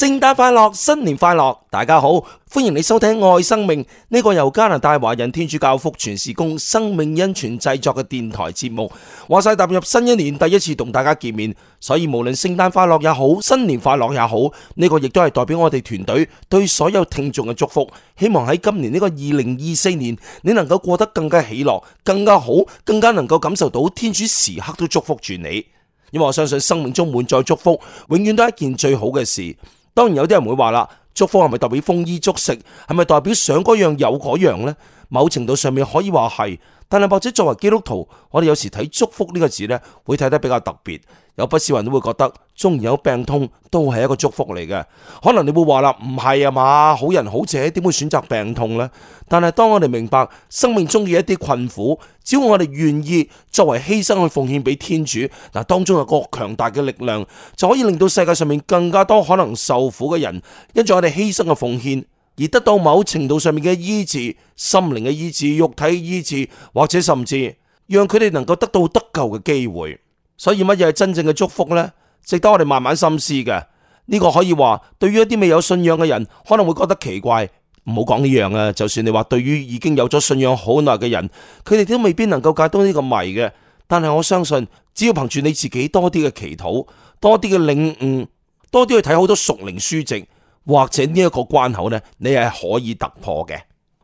聖誕快樂，新年快樂！大家好，歡迎你收聽《愛生命》呢個由加拿大華人天主教福傳事工生命恩泉製作嘅電台節目。話晒踏入新一年第一次同大家見面，所以無論聖誕快樂也好，新年快樂也好，呢個亦都係代表我哋團隊對所有聽眾嘅祝福。希望喺今年呢個二零二四年，你能夠過得更加喜樂、更加好、更加能夠感受到天主時刻都祝福住你。因為我相信生命中滿載祝福，永遠都係一件最好嘅事。當然有啲人會話啦，祝福係咪代表豐衣足食，係咪代表想嗰樣有嗰樣咧？某程度上面可以話係。但係或者作為基督徒，我哋有時睇祝福呢個字呢，會睇得比較特別。有不少人都會覺得，縱然有病痛都係一個祝福嚟嘅。可能你會話啦，唔係啊嘛，好人好者點會選擇病痛呢？但係當我哋明白生命中嘅一啲困苦，只要我哋願意作為犧牲去奉獻俾天主，嗱，當中有個強大嘅力量，就可以令到世界上面更加多可能受苦嘅人，因住我哋犧牲嘅奉獻，而得到某程度上面嘅醫治，心靈嘅醫治，肉體嘅醫治，或者甚至讓佢哋能夠得到得救嘅機會。所以乜嘢係真正嘅祝福呢？值得我哋慢慢深思嘅。呢個可以話，對於一啲未有信仰嘅人，可能會覺得奇怪。唔好講呢樣啊！就算你話，對於已經有咗信仰好耐嘅人，佢哋都未必能夠解到呢個謎嘅。但係我相信，只要憑住你自己多啲嘅祈禱，多啲嘅領悟，多啲去睇好多屬靈書籍。或者呢一個關口呢，你係可以突破嘅。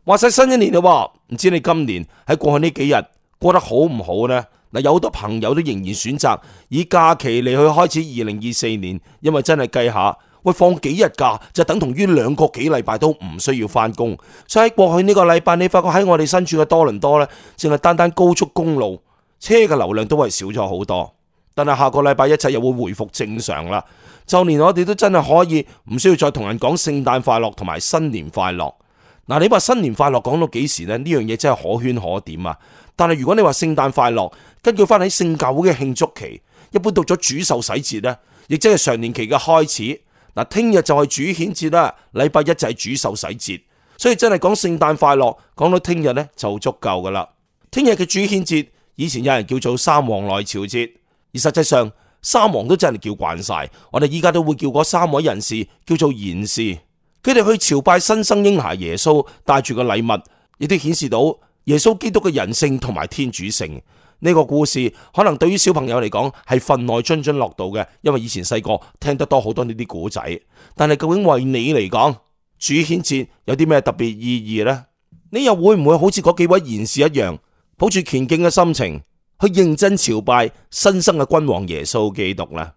話晒新一年啦，唔知你今年喺過去呢幾日過得好唔好呢？嗱，有好多朋友都仍然選擇以假期嚟去開始二零二四年，因為真係計下，喂，放幾日假就等同於兩個幾禮拜都唔需要翻工。所以喺過去呢個禮拜，你發覺喺我哋身處嘅多倫多呢，淨係單單高速公路，車嘅流量都係少咗好多。但係下個禮拜一切又會回復正常啦，就連我哋都真係可以唔需要再同人講聖誕快樂同埋新年快樂。嗱，你話新年快樂講到幾時呢？呢樣嘢真係可圈可點啊！但係如果你話聖誕快樂，根據翻喺聖教會嘅慶祝期，一般到咗主受洗節咧，亦即係常年期嘅開始。嗱，聽日就係主顯節啦，禮拜一就係主受洗節，所以真係講聖誕快樂，講到聽日咧就足夠噶啦。聽日嘅主顯節，以前有人叫做三王來朝節。而實際上，三王都真係叫慣晒，我哋依家都會叫嗰三位人士叫做賢士。佢哋去朝拜新生嬰孩耶穌，帶住個禮物，亦都顯示到耶穌基督嘅人性同埋天主性。呢、這個故事可能對於小朋友嚟講係份外津津樂道嘅，因為以前細個聽得多好多呢啲古仔。但係究竟為你嚟講，主顯節有啲咩特別意義呢？你又會唔會好似嗰幾位賢士一樣，抱住虔敬嘅心情？去認真朝拜新生嘅君王耶穌基督啦。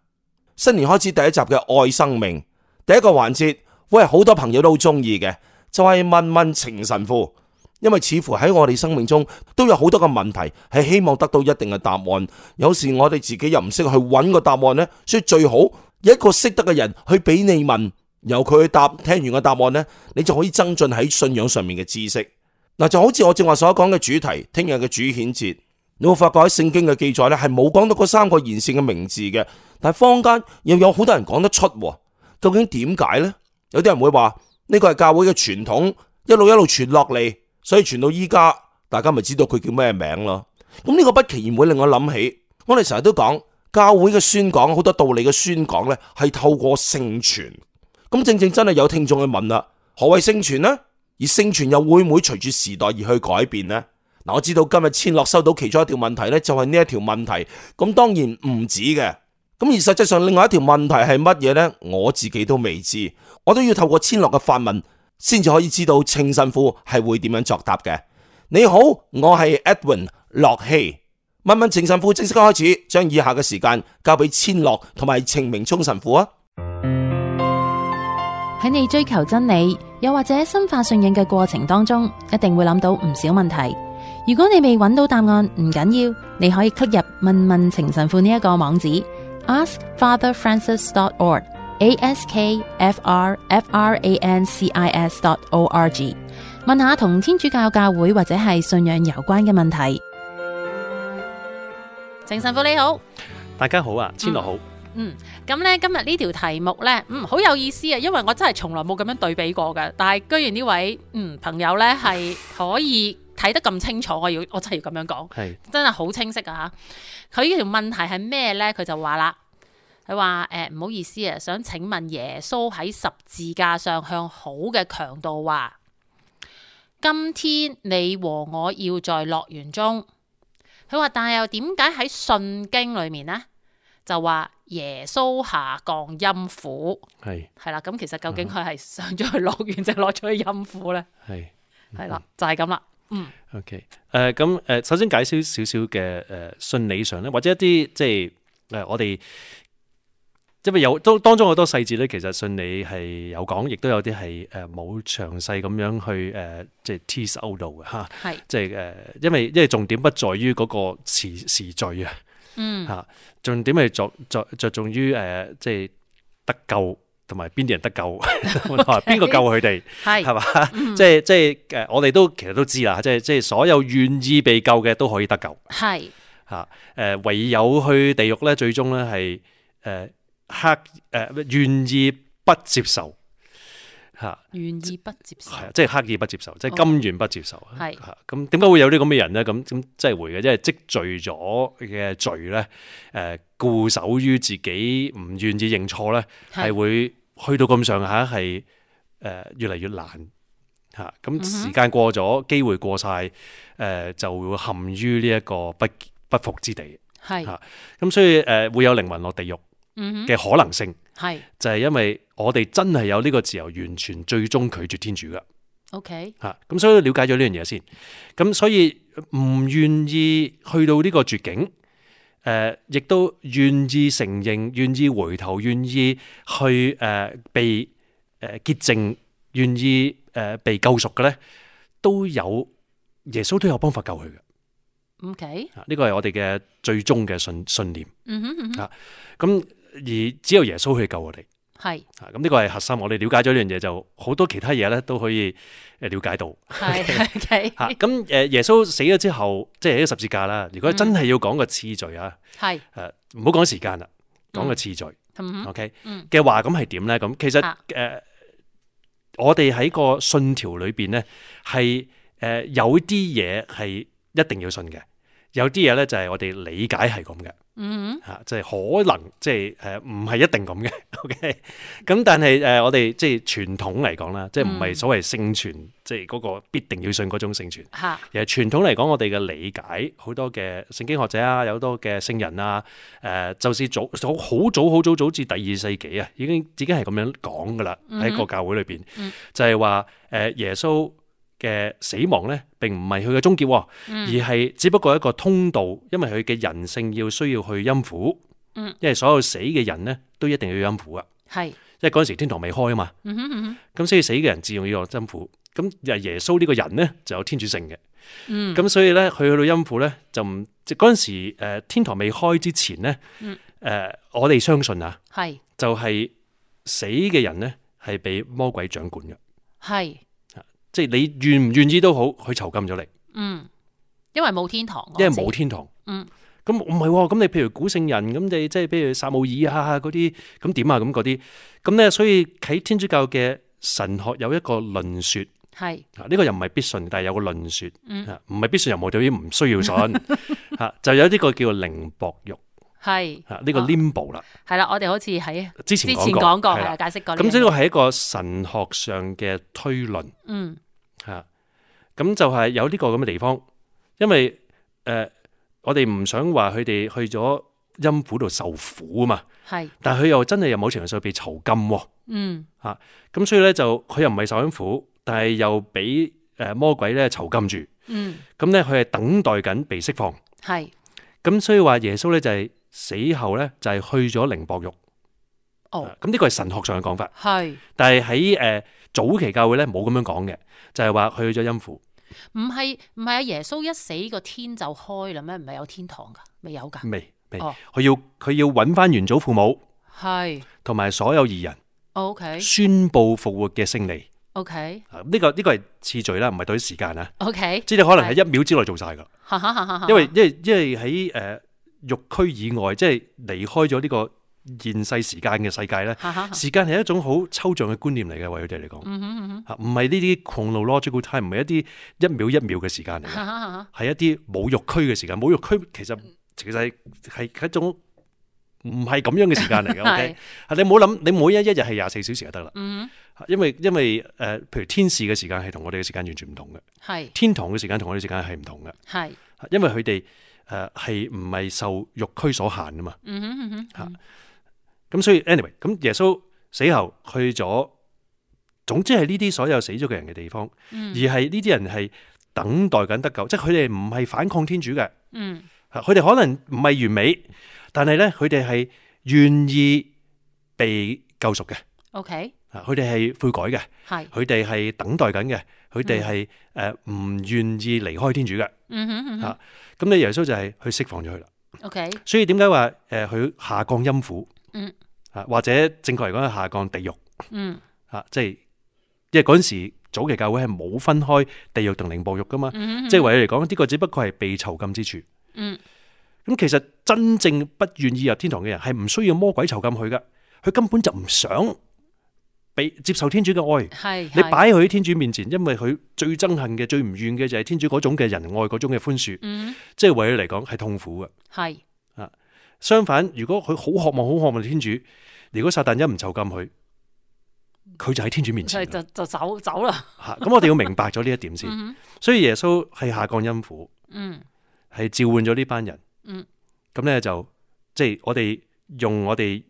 新年開始第一集嘅愛生命第一個環節，會係好多朋友都好中意嘅，就係、是、問問情神父，因為似乎喺我哋生命中都有好多嘅問題係希望得到一定嘅答案。有時我哋自己又唔識去揾個答案呢，所以最好有一個識得嘅人去俾你問，由佢去答。聽完個答案呢，你就可以增進喺信仰上面嘅知識。嗱，就好似我正話所講嘅主題，聽日嘅主顯節。你有，有發覺喺聖經嘅記載咧，係冇講到嗰三個賢士嘅名字嘅，但係坊間又有好多人講得出，究竟點解呢？有啲人會話呢個係教會嘅傳統，一路一路傳落嚟，所以傳到依家，大家咪知道佢叫咩名咯。咁呢個不期然會令我諗起，我哋成日都講教會嘅宣講，好多道理嘅宣講咧，係透過聖傳。咁正正真係有聽眾去問啦，何謂聖傳呢？而聖傳又會唔會隨住時代而去改變呢？我知道今日千樂收到其中一條問題咧，就係呢一條問題。咁當然唔止嘅，咁而實際上另外一條問題係乜嘢呢？我自己都未知，我都要透過千樂嘅發問先至可以知道程神父係會點樣作答嘅。你好，我係 Edwin 駱曦。問問程神父正式開始，將以下嘅時間交俾千樂同埋程明聰神父啊。喺你追求真理又或者深化信仰嘅過程當中，一定會諗到唔少問題。如果你未揾到答案，唔緊要，你可以 click 入問問程神父呢一個網址 askfatherfrancis.org，askfrfrancis.org，問下同天主教教會或者係信仰有關嘅問題。程神父你好，大家好啊，千樂好。嗯，咁呢今日呢條題目呢，嗯，好有意思啊，因為我真係從來冇咁樣對比過噶，但係居然呢位嗯朋友呢，係可以。 睇得咁清楚，我要我真係要咁樣講，是真係好清晰啊！佢呢條問題係咩咧？佢就話啦，佢話誒唔好意思啊，想請問耶穌喺十字架上向好嘅強盜話：今天你和我要在樂園中。佢話，但係又點解喺信經裡面呢？就話耶穌下降陰府。係係啦，咁其實究竟佢係上咗去樂園，就落咗去陰府咧？係係啦，就係咁啦。嗯，OK，誒，咁誒，首先解釋少少嘅誒，信理上咧，或者一啲即係誒、呃，我哋因為有都當中好多細節咧，其實信理係有講，亦都有啲係誒冇詳細咁樣去誒、呃，即係 tease out 到嘅吓，係即係誒，因為因為重點不在於嗰個時時序啊，嗯吓，重點係著著着重於誒、呃，即係得救。同埋邊啲人得救，邊個 Okay, 救佢哋係，係嘛？即係即係，誒、呃，我哋都其實都知啦，即係即係，所有願意被救嘅都可以得救，係吓誒，唯有去地獄咧，最終咧係誒刻誒願意不接受吓，願、呃呃、意不接受，係、啊是啊、即係刻意不接受，即係甘願不接受，咁、哦。點解是、啊、會有啲咁嘅人咧？咁咁即係會嘅，即係積聚咗嘅罪咧，誒、呃，固守於自己唔願意認錯咧，係會。去到咁上下係誒越嚟越難吓，咁、嗯、哼時間過咗，機會過晒，誒、呃、就會陷於呢一個不不服之地，係吓是，咁、啊、所以誒、呃、會有靈魂落地獄嘅可能性，係、嗯、就係因為我哋真係有呢個自由，完全最終拒絕天主㗎，OK 吓、啊，咁所以了解咗呢樣嘢先，咁、啊、所以唔願意去到呢個絕境。誒、呃，亦都願意承認、願意回頭、願意去誒、呃、被誒潔淨、願意誒、呃、被救贖嘅咧，都有耶穌都有方法救佢嘅。OK，呢個係我哋嘅最終嘅信信念。嗯咁、mm hmm. 啊、而只有耶穌去救我哋。係，咁呢個係核心。我哋了解咗呢樣嘢，就好多其他嘢咧都可以誒了解到。係，吓咁誒，耶穌死咗之後，即係喺十字架啦。如果真係要講個次序啊，係誒，唔好講時間啦，講個次序。嗯啊、OK，嘅話咁係點咧？咁其實誒、啊呃，我哋喺個信條裏邊咧，係誒、呃、有啲嘢係一定要信嘅。有啲嘢咧就係我哋理解係咁嘅，嚇、mm，即、hmm. 係可能，即係誒，唔係一定咁嘅。OK， 咁但係誒，我哋即係傳統嚟講啦，即係唔係所謂聖傳，即係嗰個必定要信嗰種聖傳。Mm hmm. 而係傳統嚟講，我哋嘅理解好多嘅聖經學者啊，有好多嘅聖人啊，誒，就係早早好早好早早至第二世紀啊，已經已經係咁樣講噶啦，喺個教會裏邊，mm hmm. mm hmm. 就係話誒耶穌。嘅死亡咧，並唔係佢嘅終結，哦，嗯、而係只不過一個通道，因為佢嘅人性要需要去陰府，嗯，因為所有死嘅人咧都一定要陰府啊，係是，因為嗰陣時天堂未開啊嘛，咁、嗯、所以死嘅人自用要落陰府，咁而耶穌呢個人咧就有天主性嘅，咁、嗯、所以咧佢去到陰府咧就，即嗰陣時誒天堂未開之前咧，誒、嗯呃、我哋相信啊，係是，就係死嘅人咧係被魔鬼掌管嘅，係是。即係你願唔願意都好，佢囚禁咗你，嗯，因為冇天，天堂，因為冇天堂。嗯，咁唔係，咁你譬如古聖人咁，即係譬如撒母耳啊嗰啲，咁點啊咁嗰啲，咁咧，所以喺天主教嘅神學有一個論說，係是啊呢、這個又唔係必信，但係有個論說，唔係、嗯啊、必信又冇，所以唔需要信，吓、 啊、就有啲個叫做靈薄獄。係啊，呢是個 limbo 啦，係啦、哦，我哋好似喺之前講過，解釋過。咁呢個係一個神學上嘅推論。嗯，吓咁就係有呢個咁嘅地方，因為誒、呃、我哋唔想話佢哋去咗陰府度受苦啊嘛。係，但係佢又真係有某程度上被囚禁。嗯，吓咁所以咧就佢又唔係受陰苦，但係又俾誒魔鬼咧囚禁住。嗯，咁咧佢係等待緊被釋放。係、嗯，咁所以話耶穌咧就係、是。死後咧就係去咗靈薄獄哦，咁呢個係神學上嘅講法係，是但係喺誒早期教會咧冇咁樣講嘅，就係、是、話去咗陰府。唔係唔係阿耶穌一死個天就開啦咩？唔係有天堂噶，未有噶，未未，佢、oh. 要佢要揾翻原祖父母係，同埋是所有義人，OK，宣布復活嘅勝利，OK，呢、啊這個呢、這個係次序啦，唔係對於時間啊，OK，即係你可能喺一秒之內做晒噶，因為因為因為喺誒。呃肉區以外，即係離開咗呢個現世時間嘅世界咧。 時間係一種好抽象嘅觀念嚟嘅，為佢哋嚟講，吓唔係呢啲 chronological time，唔係一啲一秒一秒嘅時間嚟，嘅， 係一啲冇肉區嘅時間。冇肉區其實其實係係一種唔係咁樣嘅時間嚟嘅。O、okay? K， 你唔好諗，你每一一日係廿四小時就得啦。因為因為誒、呃，譬如天使嘅時間係同我哋嘅時間完全唔同嘅。係 天堂嘅時間同我哋時間係唔同嘅。係 因為佢哋。誒，係唔係受獄區所限噶嘛？吓，咁所以 anyway，咁耶穌死後去咗，總之係呢啲所有死咗嘅人嘅地方，而係呢啲人係等待緊得救，即係佢哋唔係反抗天主嘅。嗯，佢哋可能唔係完美，但係咧佢哋係願意被救贖嘅。O K，啊，佢哋係悔改嘅，係，佢哋係等待緊嘅。佢哋係誒唔願意離開天主嘅，吓，咁咧耶穌就係去釋放咗佢啦。OK，所以點解話誒佢下降陰府，吓、嗯哼啊、或者正確嚟講係下降地獄，吓、嗯哼啊、即係因為嗰陣時早期教會係冇分開地獄同靈薄獄噶嘛，即係為你嚟講呢個只不過係被囚禁之處。嗯，哼嗯，咁其實真正不願意入天堂嘅人係唔需要魔鬼囚禁佢噶，佢根本就唔想。你接受天主嘅愛，係是是 你擺佢喺天主面前，因為佢最憎恨嘅、最唔願嘅就係天主嗰種嘅仁愛、嗰種嘅寬恕，即係為佢嚟講係痛苦嘅。係啊，相反，如果佢好渴望、好渴望天主，如果撒旦一唔囚禁佢，佢就喺天主面前是是就就走走啦、嗯。吓，咁我哋要明白咗呢一點先，所以耶穌係下降陰府，嗯，係召喚咗呢班人，嗯，嗯就，咁咧就即、是、係我哋用我哋。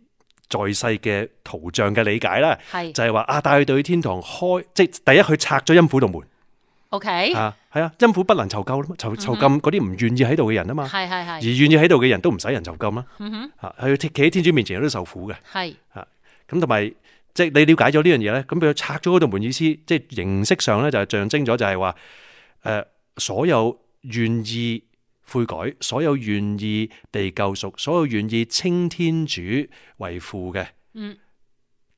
在世嘅圖像嘅理解啦，係是就係話啊，帶佢哋對天堂開，即係第一佢拆咗陰府道門。O K，啊係啊，陰府、啊、不能囚禁咯，囚囚禁嗰啲唔願意喺度嘅人啊嘛，係係係，hmm. 而願意喺度嘅人都唔使人囚禁啦。嗯哼、mm，hmm. 啊係企喺天主面前都受苦嘅，係、mm hmm. 啊咁同埋即係你了解咗呢樣嘢咧，咁佢拆咗嗰道門意思，即、就、係、是、形式上咧就係象徵咗就係話誒所有願意。悔改，所有願意被救贖，所有願意稱天主為父嘅，嗯，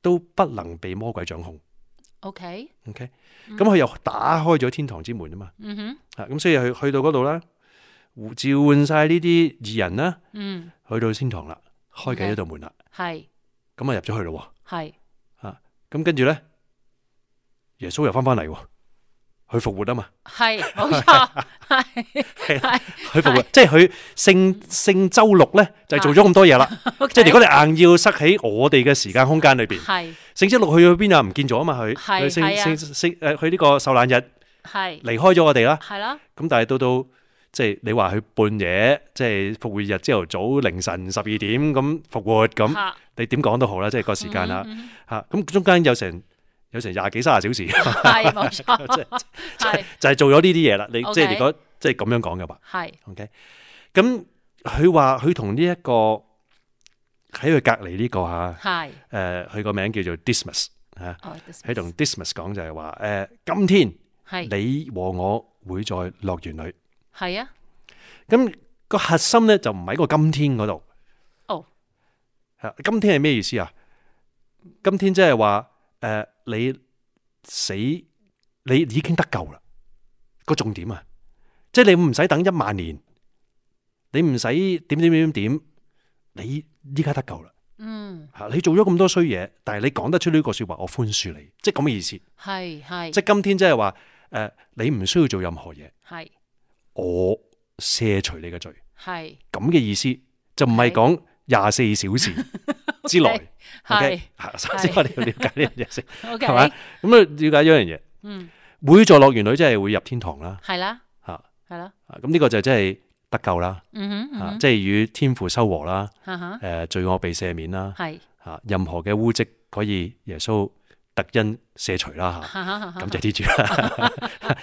都不能被魔鬼掌控。OK，OK，咁佢又打開咗天堂之門啊嘛。嗯哼，吓咁，所以去去到嗰度啦，召喚晒呢啲異人啦，嗯，去到天堂啦，開啟咗道門啦，係，咁啊入咗去咯，係是，啊，咁跟住咧，耶穌又翻翻嚟喎。去復活啊嘛，係冇錯，係係去復活，即係佢聖聖週六咧就做咗咁多嘢啦。即係如果你硬要塞喺我哋嘅時間空間裏邊，聖週六去咗邊啊？唔見咗啊嘛佢，聖聖聖誒去呢個受難日，離開咗我哋啦。係啦。咁但係到到即係你話佢半夜，即係復活日朝頭早凌晨十二點咁復活咁，你點講都好啦，即係個時間啦嚇。咁中間有成。有成廿幾三十小時，係冇錯，即係就係做咗呢啲嘢啦。你即係如果即係咁樣講嘅話，係，OK。咁佢話佢同呢一個喺佢隔籬呢個吓，係誒，佢個名叫做 Dismas 吓，佢同 Dismas 講就係話誒，今天係你和我會在樂園裏，係啊。咁個核心咧就唔喺個今天嗰度，哦，吓，今天係咩意思啊？今天即係話誒。你死，你已經得救啦！那個重點啊，即係你唔使等一萬年，你唔使點點點點點，你依家得救啦。嗯，吓、啊、你做咗咁多衰嘢，但係你講得出呢個說話，我寬恕你，即係咁嘅意思。系系，即係今天即係話，誒、呃，你唔需要做任何嘢。係是，我卸除你嘅罪。係是，咁嘅意思就唔係講廿四小時。 之內 o 首先我哋要了解呢樣嘢先，係咪？咁啊，了解一樣嘢，嗯，每座樂園女，真係會入天堂啦，係啦，吓， 係、嗯、啦，咁呢、啊、個就真係得救啦，嗯哼，即係與天父修和啦，吓，誒、 啊，罪惡被赦免啦，係，吓、 啊，任何嘅污跡可以耶穌。特因舍除啦，吓，感謝天主，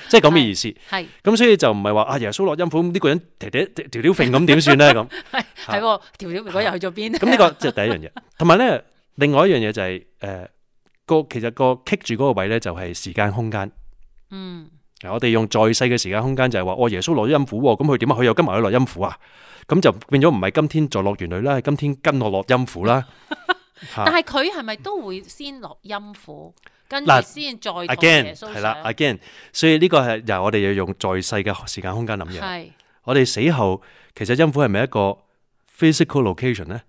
即係講咩意思？係咁，所以就唔係話阿耶穌落陰府呢個人條條揈咁點算咧？咁係喺個條條揈嗰日去咗邊？咁呢個即係第一樣嘢。同埋咧，另外一樣嘢就係誒，個其實個棘住嗰個位咧就係時間空間。嗯，我哋用再細嘅時間空間就係話，哦，耶穌落咗陰府，咁佢點啊？佢又跟埋去落陰府啊？咁就變咗唔係今天在樂園裡啦，係今天跟落落陰府啦。但係佢係咪都會先落陰府，跟住先再係啦，again，所以呢個係由我哋要用在世嘅時間空間諗嘢。係是我哋死後，其實陰府係咪一個 physical location 咧？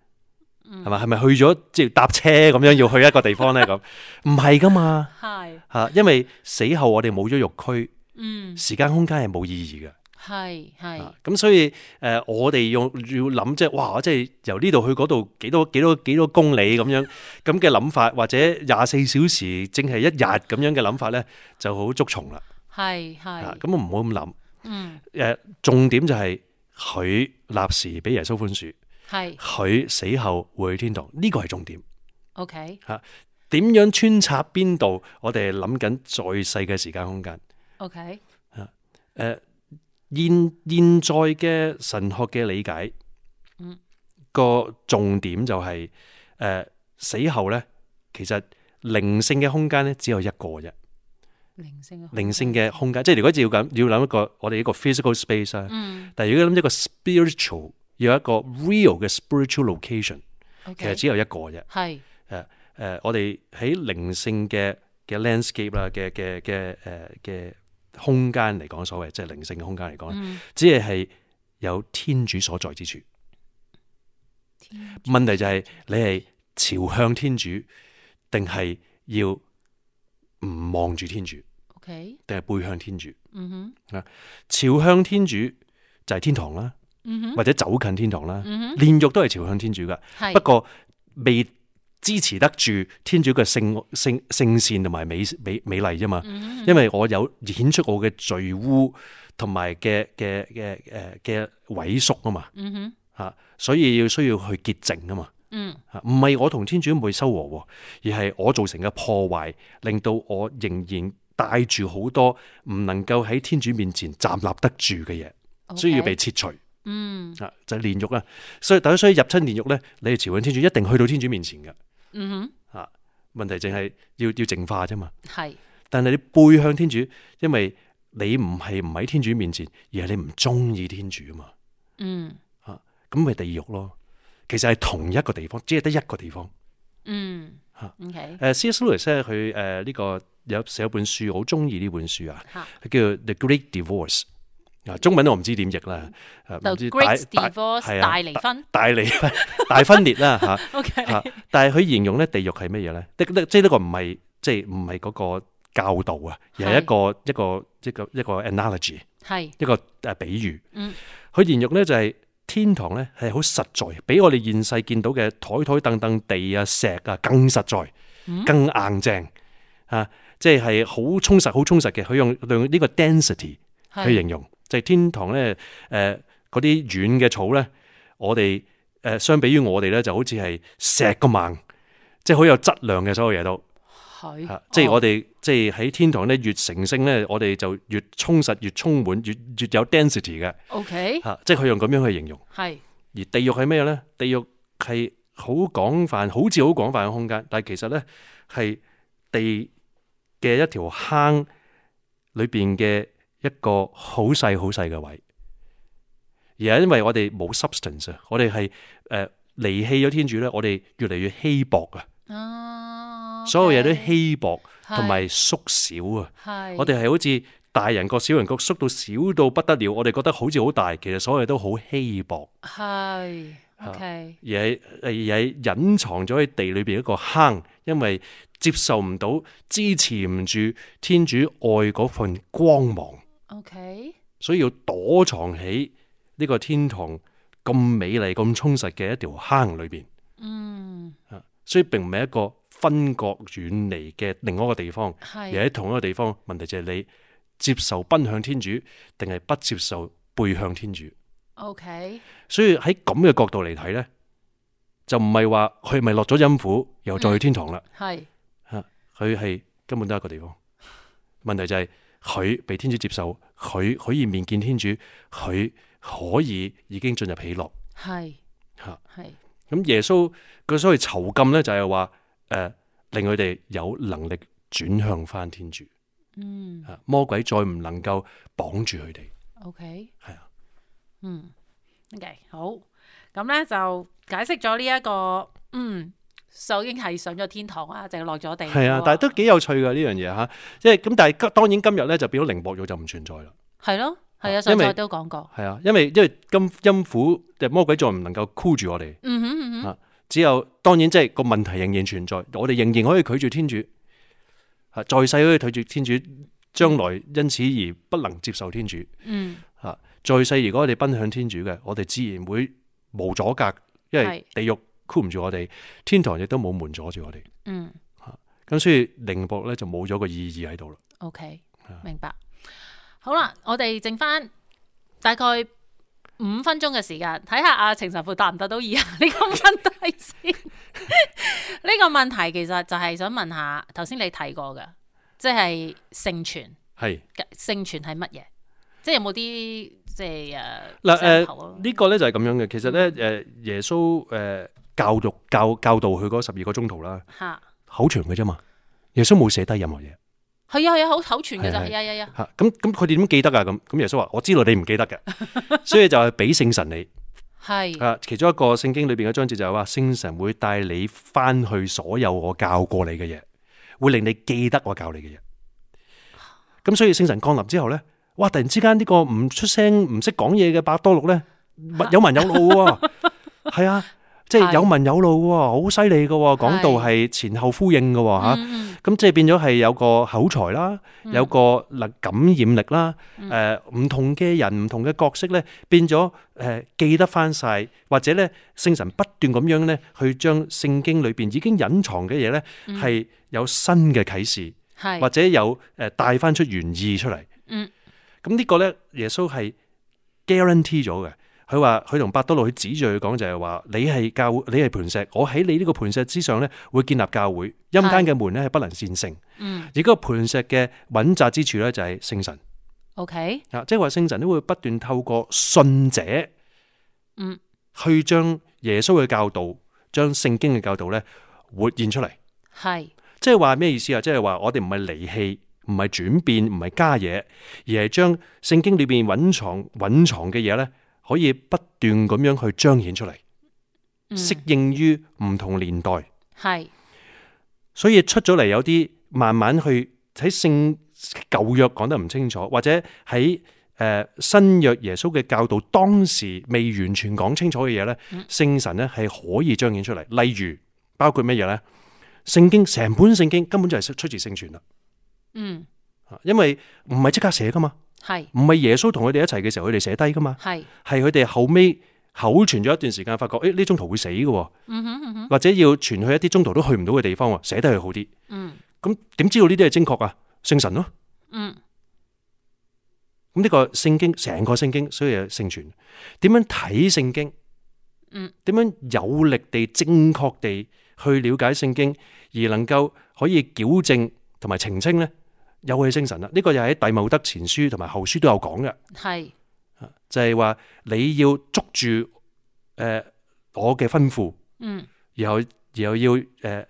係咪、嗯？係咪去咗即係搭車咁樣要去一個地方咧？咁唔係噶嘛？係吓是，因為死後我哋冇咗肉軀，嗯，時間空間係冇意義嘅。係係咁，所以誒、呃，我哋用要諗，即係哇，即係由呢度去嗰度幾多幾多幾多公里咁樣咁嘅諗法，或者廿四小時淨係一日咁樣嘅諗法咧，就好捉蟲啦。係係咁，唔好咁諗。嗯，誒、嗯，重點就係、是、佢立時俾耶穌寬恕，係佢是死後會去天堂呢個係重點。O K 吓，點樣穿插邊度？我哋諗緊再細嘅時間空間。O K 吓，誒、啊。嗯嗯現現在嘅神學嘅理解個重點就係，誒死後咧，其實靈性嘅空間咧只有一個啫。靈性嘅空間，即係如果照咁要諗一個我哋一個 physical space，但係如果諗一個 spiritual，要一個 real 嘅 spiritual location，其實只有一個啫。係誒誒，我哋喺靈性嘅嘅 landscape 啊，嘅嘅嘅誒嘅。空間嚟講，所謂即係靈性嘅空間嚟講，mm hmm. 只係係有天主所在之處。主問題就係你係朝向天主，定係要唔望住天主？OK，定係背向天主？嗯哼、mm，啊、hmm.，朝向天主就係天堂啦，mm hmm. 或者走近天堂啦，煉獄、mm hmm. 都係朝向天主噶，是不過未。支持得住天主嘅聖聖聖善同埋美美美麗啫嘛，因為我有顯出我嘅罪污同埋嘅嘅嘅誒嘅萎縮啊嘛，吓所以要需要去潔淨啊嘛，吓唔係我同天主冇修和，而係我造成嘅破壞，令到我仍然帶住好多唔能夠喺天主面前站立得住嘅嘢，需要被切除，Okay. 嗯吓就係煉獄啦，所以大家所以入侵煉獄咧，你哋朝向天主一定去到天主面前嘅。嗯哼，啊、mm，hmm. 問題淨係要要淨化啫嘛，係是，但係你背向天主，因為你唔係唔喺天主面前，而係你唔中意天主啊嘛，嗯、mm，hmm. 啊，咁咪地獄咯，其實係同一個地方，只係得一個地方，嗯，吓，誒，C.S. Lewis 咧、這個，佢誒呢個有寫一本書，好中意呢本書啊，叫做 The Great Divorce。啊，中文都唔知點譯啦，唔知大係啊，大離婚、大離大分裂啦吓。O K，但係佢形容咧，地獄係乜嘢咧？即係呢個唔係，即係唔係嗰個教導啊，而係一個一個一個一個 analogy，係一個誒比喻。佢形容咧就係天堂咧係好實在，比我哋現世見到嘅台台凳凳地啊石啊更實在，更硬淨吓，即係係好充實好充實嘅。佢用用呢個 density 去形容。就天堂咧，誒嗰啲軟嘅草咧，我哋誒、呃、相比於我哋咧，就好似係石咁猛，即係好有質量嘅所有嘢都有，嚇是、啊，即係我哋即係喺天堂咧越成聖咧，我哋就越充實、越充滿、越越有 density 嘅。OK，嚇、啊，即係佢用咁樣去形容，係是。而地獄係咩咧？地獄係好廣泛，好似好廣泛嘅空間，但係其實咧係地嘅一條坑裏邊嘅。一個好細好細嘅位，而係因為我哋冇 substance 啊，我哋係誒離棄咗天主咧，我哋越嚟越稀薄啊，okay, 所有嘢都稀薄同埋是縮小是啊。是我哋係好似大人個小人國縮小到小到不得了，我哋覺得好似好大，其實所有嘢都好稀薄。係 OK，、啊、而係而係隱藏咗喺地裏邊一個坑，因為接受唔到支持唔住天主愛嗰份光芒。O.K. 所以要躲藏喺呢個天堂咁美麗、咁充實嘅一條坑裏邊。嗯，啊，所以並唔係一個分割遠離嘅另外一個地方，是而喺同一個地方。問題就係你接受奔向天主，定係不接受背向天主？O.K. 所以喺咁嘅角度嚟睇咧，就唔係話佢咪落咗陰府，又再去天堂啦？係、嗯，啊，佢係根本都係一個地方。問題就係、是。佢被天主接受，佢可以面見天主，佢可以已經進入喜樂。係吓，係咁耶穌佢所謂囚禁咧，就係話誒令佢哋有能力轉向翻天主，嗯，魔鬼再唔能夠綁住佢哋。OK，係啊，是嗯，OK 好，咁咧就解釋咗呢一個嗯。就已經係上咗天堂啊，定係落咗地？係啊，但係都幾有趣噶呢樣嘢吓，即係咁。但係當然今日咧就變咗靈薄獄，就唔存在啦。係咯，係啊，上次都講過。係啊，因為因為今陰府魔鬼再唔能夠箍住我哋。嗯嗯、只有當然即係個問題仍然存在，我哋仍然可以拒絕天主。啊，在世可以拒絕天主，將來因此而不能接受天主。嗯。啊，在世如果我哋奔向天主嘅，我哋自然會無阻隔，因為地獄。箍唔住我哋，天堂亦都冇門阻住我哋。嗯，咁、啊，所以靈薄咧就冇咗個意義喺度啦。O、okay, K，明白。啊、好啦，我哋剩翻大概五分鐘嘅時間，睇下阿程神父答唔答到而家呢個問題先。呢 個問題其實就係想問下，頭先你提過嘅，即係聖傳係聖傳係乜嘢？即係有冇啲即係誒嗱誒呢個咧就係咁樣嘅。其實咧誒耶穌誒。教育教教導佢嗰十二個鐘頭啦，啊、口傳嘅啫嘛，耶穌冇寫低任何嘢。係啊係啊，口口傳嘅就係啊啊，咁咁佢哋點記得啊，咁咁耶穌話我知道你唔記得嘅，所以就係俾聖神你，係啊， 其中一個聖經裏邊嘅章節就係話聖神會帶你翻去所有我教過你嘅嘢，會令你記得我教你嘅嘢。咁所以聖神降臨之後咧，哇突然之間呢個唔出聲唔識講嘢嘅伯多祿咧，有文有路喎，係啊。 即係有文有路嘅，好犀利嘅，講到係前後呼應嘅吓，咁、嗯、即係變咗係有個口才啦，有個嗱感染力啦，誒唔、嗯呃、同嘅人唔同嘅角色咧，變咗誒、呃、記得翻晒，或者咧聖神不斷咁樣咧去將聖經裏邊已經隱藏嘅嘢咧係有新嘅啟示，是或者有誒帶翻出原意出嚟，咁呢、嗯嗯、個咧耶穌係 guarantee 咗嘅。佢話佢同伯多祿去指住佢講就係、是、話你係教會，你係磐石，我喺你呢個磐石之上咧會建立教會。陰間嘅門咧係不能戰勝，嗯、而嗰個磐石嘅穩紮之處咧就係聖神。O K，啊，即係話聖神都會不斷透過信者，嗯，去將耶穌嘅教導、將聖經嘅教導咧活現出嚟。係、嗯，即係話咩意思啊？即係話我哋唔係離棄，唔係轉變，唔係加嘢，而係將聖經裏邊蘊藏、蘊藏嘅嘢咧。可以不斷咁樣去彰顯出嚟，嗯、適應於唔同年代，係是，所以出咗嚟有啲慢慢去喺聖舊約講得唔清楚，或者喺誒、呃、新約耶穌嘅教導當時未完全講清楚嘅嘢咧，嗯、聖神咧係可以彰顯出嚟，例如包括乜嘢咧？聖經成本聖經根本就係出自聖傳啦，嗯，因為唔係即刻寫噶嘛。係，唔係耶穌同佢哋一齊嘅時候，佢哋寫低噶嘛？係，係佢哋後尾口傳咗一段時間，發覺誒呢、哎、中途會死噶，mm hmm. 或者要傳去一啲中途都去唔到嘅地方，寫低佢好啲。嗯、mm，咁、hmm. 點知道呢啲係精確啊？聖神咯。嗯、hmm.，咁呢個聖經成個聖經所以有聖傳，點樣睇聖經？嗯、mm，點、hmm. 樣有力地、正確地去了解聖經，而能夠可以矯正同埋澄清咧？有氣聖神啦，呢、這個又喺弟茂德前書同埋後書都有講嘅，係是，就係話你要捉住誒、呃、我嘅吩咐，嗯然，然後然後要誒、呃、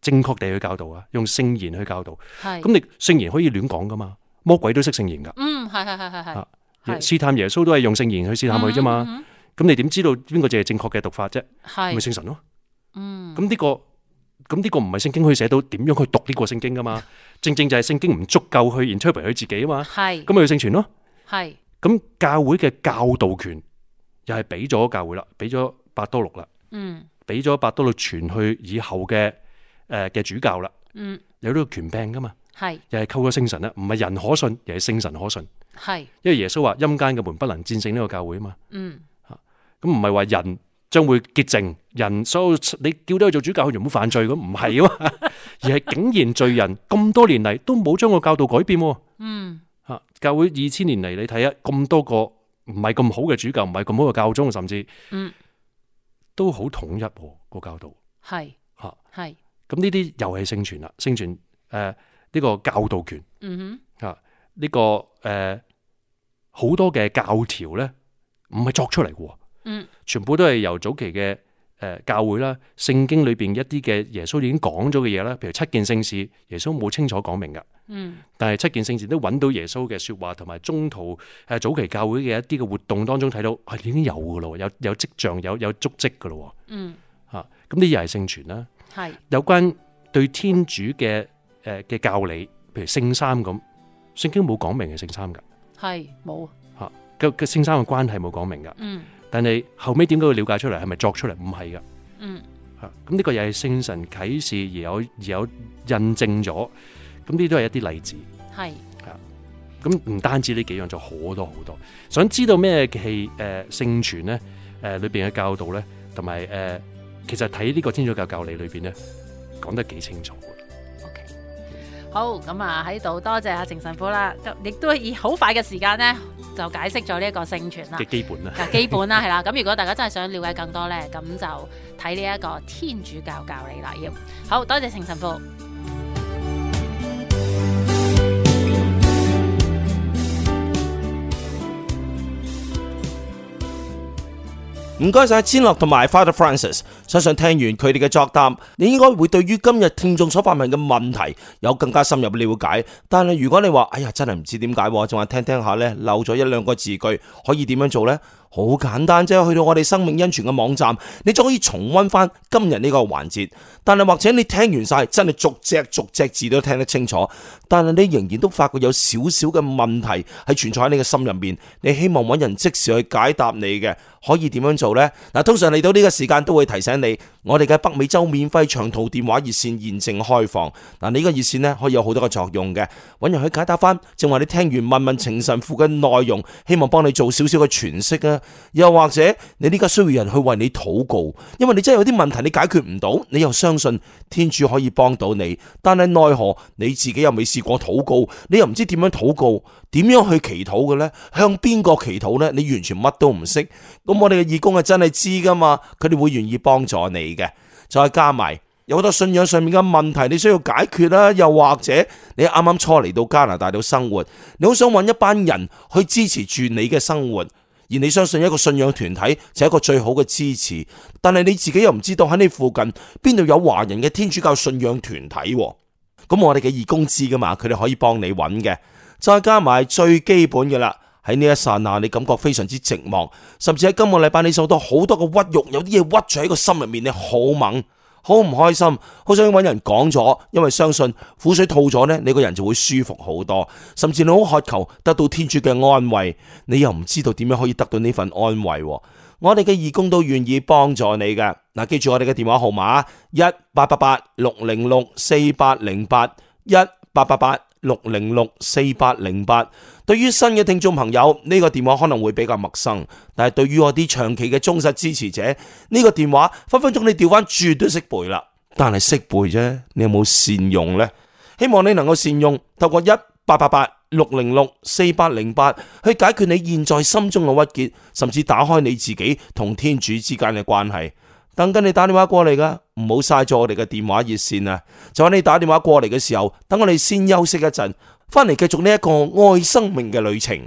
正確地去教導啊，用聖言去教導，係是，咁你聖言可以亂講噶嘛，魔鬼都識聖言噶，嗯，係係係係係，試探耶穌都係用聖言去試探佢啫嘛，咁你點知道邊個字係正確嘅讀法啫，係咪聖神咯，嗯，咁、嗯、呢個。是嗯咁呢個唔係聖經可以寫到點樣去讀呢個聖經噶嘛？正正就係聖經唔足夠去 interpret 佢自己啊嘛。係，咁咪去聖傳咯。係，咁教會嘅教導權又係俾咗教會啦，俾咗伯多祿啦，嗯，俾咗伯多祿傳去以後嘅誒嘅主教啦，嗯，有呢個權柄噶嘛，係，又係靠咗聖神啦，唔係人可信，又係聖神可信，係，因為耶穌話陰間嘅門不能戰勝呢個教會啊嘛，嗯，吓，咁唔係話人。將會潔淨人，所有你叫得佢做主教，佢就唔犯罪咁，唔係啊，而係竟然罪人咁多年嚟都冇將個教導改變。嗯，啊，教會二千年嚟，你睇下咁多個唔係咁好嘅主教，唔係咁好嘅教宗，甚至嗯都好統一個教導。係，吓係。咁呢啲又係聖傳啦，聖傳誒呢個教導權。嗯哼，啊呢個誒好多嘅教條咧，唔係作出嚟嘅。嗯，全部都係由早期嘅誒、呃、教會啦，聖經裏邊一啲嘅耶穌已經講咗嘅嘢啦，譬如七件聖事，耶穌冇清楚講明噶。嗯，但係七件聖事都揾到耶穌嘅說話，同埋中途誒、呃、早期教會嘅一啲嘅活動當中睇到係已經有噶咯，有有迹象，有有足迹噶咯。嗯，吓咁呢啲亦係聖傳啦。係是有關對天主嘅誒嘅教理，譬如聖三咁，聖經冇講明係聖三噶，係冇吓聖三嘅關係冇講明噶。嗯。但係後尾點解會了解出嚟？係咪作出嚟？唔係噶，嗯吓，咁呢、嗯這個又係聖神啟示而有而有印證咗，咁、嗯、呢啲都係一啲例子，係吓是，咁唔、嗯、單止呢幾樣，就好多好多。想知道咩係誒聖傳咧？誒、呃、裏邊嘅教導咧，同埋誒，其實睇呢個天主教教理裏邊咧，講得幾清楚。好咁啊！喺度多謝阿程神父啦，亦都以好快嘅時間呢，就解釋咗呢一個聖傳啦，嘅基本啦， 基本啦，係啦。咁如果大家真係想了解更多呢，咁就睇呢一個天主教教理啦。要好多謝程神父。唔該晒，千樂同埋 Father Francis。相信聽完佢哋嘅作答，你應該會對於今日聽眾所發問嘅問題有更加深入了解。但係如果你話，哎呀，真係唔知點解，仲話聽聽下呢，漏咗一兩個字句，可以點樣做呢？」好簡單啫，去到我哋生命恩泉嘅網站，你就可以重溫翻今日呢個環節。但係或者你聽完晒，真係逐隻逐隻字都聽得清楚，但係你仍然都發覺有少少嘅問題係存在喺你嘅心入面。你希望揾人即時去解答你嘅，可以點樣做呢？嗱，通常嚟到呢個時間都會提醒你，我哋嘅北美洲免費長途電話熱線現正開放。嗱，呢個熱線呢，可以有好多個作用嘅，揾人去解答翻。正話你聽完問問情神父嘅內容，希望幫你做少少嘅詮釋啊！又或者你呢家，需要人去為你禱告，因為你真係有啲問題你解決唔到，你又相信天主可以幫到你，但係奈何你自己又未試過禱告，你又唔知點樣禱告，點樣去祈禱嘅咧？向邊個祈禱咧？你完全乜都唔識。咁我哋嘅義工係真係知㗎嘛？佢哋會願意幫助你嘅。再加埋有好多信仰上面嘅問題你需要解決啦，又或者你啱啱初嚟到加拿大度生活，你好想揾一班人去支持住你嘅生活。而你相信一個信仰團體就係一個最好嘅支持，但係你自己又唔知道喺你附近邊度有華人嘅天主教信仰團體，咁我哋嘅義工知噶嘛？佢哋可以幫你揾嘅，再加埋最基本嘅啦。喺呢一剎那，你感覺非常之寂寞，甚至喺今個禮拜你受到好多個屈辱，有啲嘢，屈咗喺個心入面，你好猛。好唔開心，好想搵人講咗，因為相信苦水吐咗呢，你個人就會舒服好多，甚至你好渴求得到天主嘅安慰，你又唔知道點樣可以得到呢份安慰。我哋嘅義工都願意幫助你嘅，嗱，記住我哋嘅電話號碼一八八八六零六四八零八一八八八六零六四八零八。對於新嘅聽眾朋友，呢個電話可能會比較陌生，但係對於我啲長期嘅忠實支持者，呢個電話分分鐘你調翻絕對識背啦。但係識背啫，你有冇善用呢？希望你能夠善用，透過一八八八六零六四八零八去解決你現在心中嘅鬱結，甚至打開你自己同天主之間嘅關係。等緊你打電話過嚟噶，唔好嘥咗我哋嘅電話熱線啊！就喺你打電話過嚟嘅時候，等我哋先休息一陣。翻嚟繼續呢一個愛生命嘅旅程。，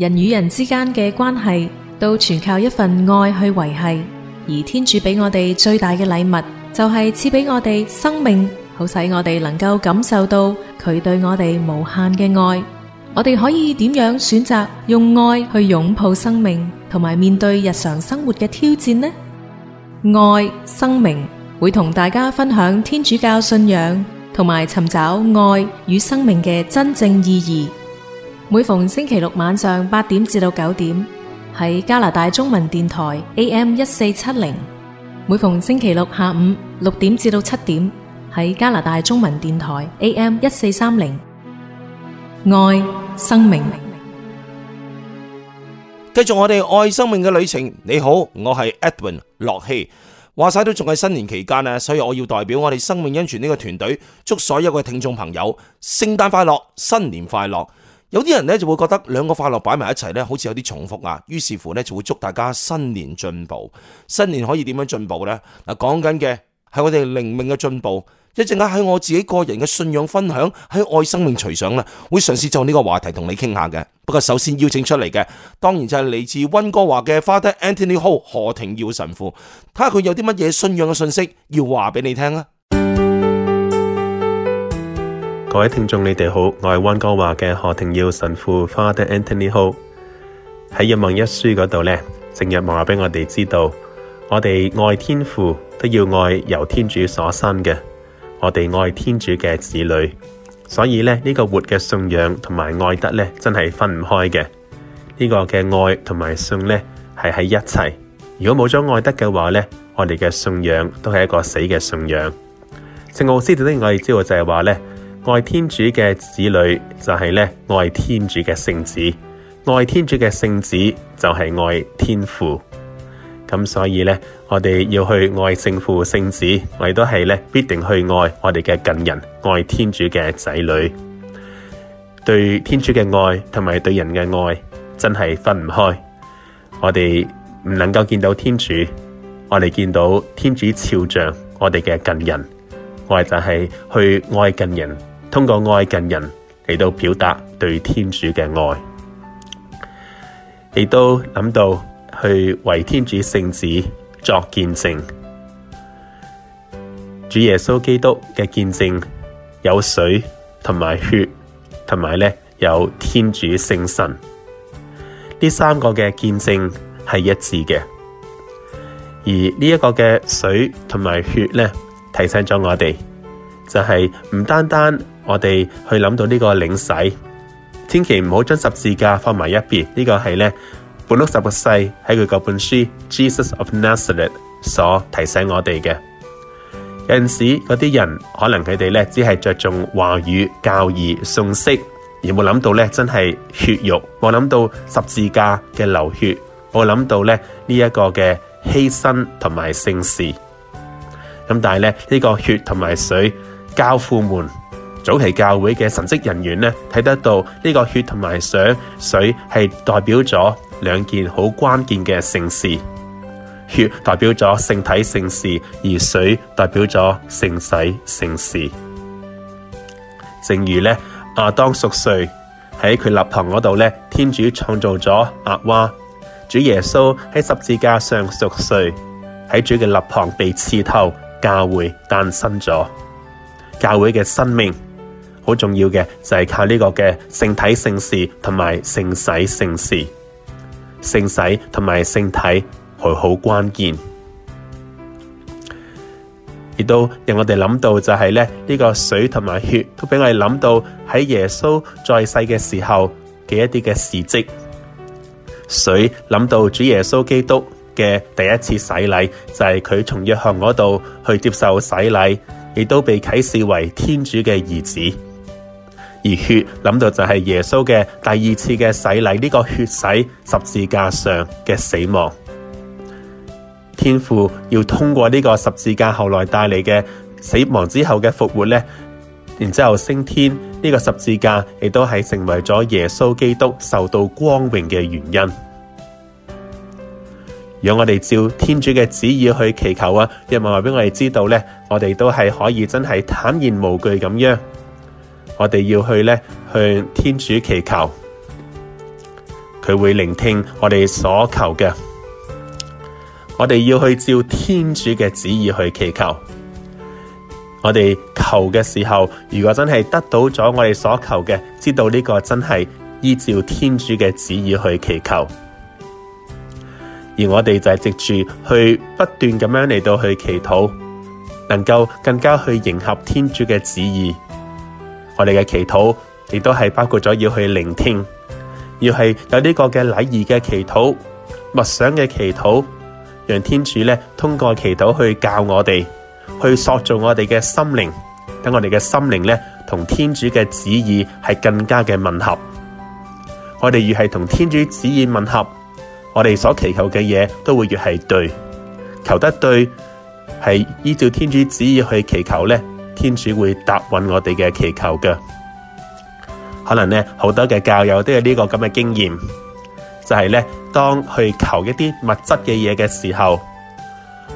人與人之間嘅關係都全靠一份愛去維繫。而天主俾我哋最大嘅禮物，就係賜俾我哋生命，好使我哋能夠感受到佢對我哋無限嘅愛。我哋可以點樣選擇用愛去擁抱生命，同埋面對日常生活嘅挑戰呢？愛生命會同大家分享天主教信仰，同埋尋找愛與生命嘅真正意義。每逢星期六晚上八點至到九點，喺加拿大中文電台 AM 一四七零；每逢星期六下午六點至到七點，喺加拿大中文電台 AM 一四三零。愛生命，繼續我哋愛生命嘅旅程。你好，我係 Edwin 駱曦。話晒都仲係新年期間啊，所以我要代表我哋生命恩泉呢個團隊，祝所有嘅聽眾朋友聖誕快樂，新年快樂。有啲人咧就會覺得兩個快樂擺埋一齊咧，好似有啲重複啊。於是乎咧就會祝大家新年進步。新年可以點樣進步呢？嗱，講緊嘅係我哋靈命嘅進步，一陣間喺我自己個人嘅信仰分享，喺愛生命隨想咧，會嘗試就呢個話題同你傾下嘅。不過首先邀請出嚟嘅，當然就係嚟自温哥華嘅 Father Anthony Ho 何庭耀神父，睇下佢有啲乜嘢信仰嘅信息要話俾你聽啊！各位聽眾，你哋好，我係温哥華嘅何庭耀神父 Father Anthony Ho 喺《若望一書》嗰度呢成日話俾我哋知道，我哋愛天父都要愛由天主所生嘅，我哋愛天主嘅子女，所以咧呢、這個活嘅信仰同埋愛德呢，真係分唔開嘅呢、這個嘅愛同埋信呢，係喺一齊。如果冇咗愛德嘅話呢，我哋嘅信仰都係一個死嘅信仰。聖奧斯定我哋知道就係話呢。愛天主嘅子女就係、是、咧愛天主嘅聖子，愛天主嘅聖子就係愛天父。咁所以咧，我哋要去愛聖父聖子，我哋都係咧必定去愛我哋嘅近人，愛天主嘅仔女。對天主嘅愛同埋對人嘅愛真係分唔開。我哋唔能夠見到天主，我哋見到天主照像我哋嘅近人，我哋就係去愛近人。通過愛近人嚟到表達對天主嘅愛，亦都諗到去為天主聖子作見證，主耶穌基督嘅見證有水同埋血，同埋咧有天主聖神，呢三個嘅見證係一致嘅。而這的呢一個嘅水同埋血咧，提醒咗我哋，就係、是、唔單單。我哋去諗到呢個領洗，千祈唔好將十字架放埋一邊。這個、呢個係呢本篤十六世喺佢個本書《Jesus of Nazareth》所提醒我哋嘅。有陣時嗰啲人可能佢哋呢只係着重話語、教義、訊息，而冇諗到呢真係血肉，冇諗到十字架嘅流血，冇諗到咧呢一、這個嘅犧牲同埋聖事。咁但係咧呢、這個血同埋水交付門。早期教會嘅神職人員咧睇得到呢個血同埋水，水係代表咗兩件好關鍵嘅聖事，血代表咗聖體聖事，而水代表咗聖洗聖事。正如咧亞當熟睡喺佢立旁嗰度咧，天主創造咗阿娃；主耶穌喺十字架上熟睡喺主嘅立旁被刺透，教會誕生咗，教會嘅生命。好重要嘅就係、是、靠呢個嘅聖體聖事同埋聖洗。聖事，聖洗同埋聖體係好關鍵，亦都令我哋諗到就係咧呢、這個水同埋血都俾我哋諗到喺耶穌在世嘅時候嘅一啲嘅事跡。水諗到主耶穌基督嘅第一次洗禮就係、是、佢從約翰嗰度去接受洗禮，亦都被啟示為天主嘅兒子。而血諗到就係耶穌嘅第二次嘅洗禮，呢、這個血洗十字架上嘅死亡，天父要通過呢個十字架後來帶嚟嘅死亡之後嘅復活呢，然之後升天呢、這個十字架亦都係成為咗耶穌基督受到光榮嘅原因。如果我哋照天主嘅旨意去祈求啊，若望話俾我哋知道呢，我哋都係可以真係坦然無懼咁樣。我哋要去呢，向天主祈求，佢會聆聽我哋所求嘅。我哋要去照天主嘅旨意去祈求。我哋求嘅時候，如果真係得到咗我哋所求嘅，知道呢個真係依照天主嘅旨意去祈求。而我哋就係藉住去不斷咁樣嚟到去祈禱，能夠更加去迎合天主嘅旨意。我哋嘅祈禱亦都係包括咗要去聆聽，要係有呢個嘅禮儀嘅祈禱，默想嘅祈禱，讓天主咧通過祈禱去教我哋，去塑造我哋嘅心靈，等我哋嘅心靈咧同天主嘅旨意係更加嘅吻合。我哋越係同天主旨意吻合，我哋所祈求嘅嘢都會越係對，求得對係依照天主旨意去祈求咧。天主會答允我哋嘅祈求嘅，可能呢，好多嘅教友都有呢個咁嘅經驗，就係呢：當去求一啲物質嘅嘢嘅時候，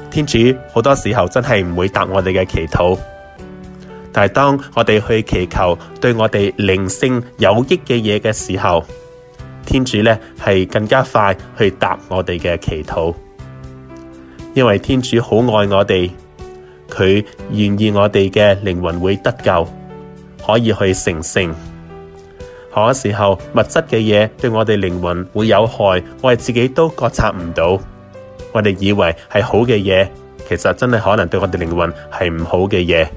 天主好多時候真係唔會答我哋嘅祈禱，但係當我哋去祈求對我哋靈性有益嘅嘢嘅時候，天主呢係更加快去答我哋嘅祈禱，因為天主好愛我哋。佢願意我哋嘅靈魂會得救，可以去成聖。嗰時候物質嘅嘢對我哋靈魂會有害，我哋自己都覺察唔到。我哋以為係好嘅嘢，其實真係可能對我哋靈魂係唔好嘅嘢。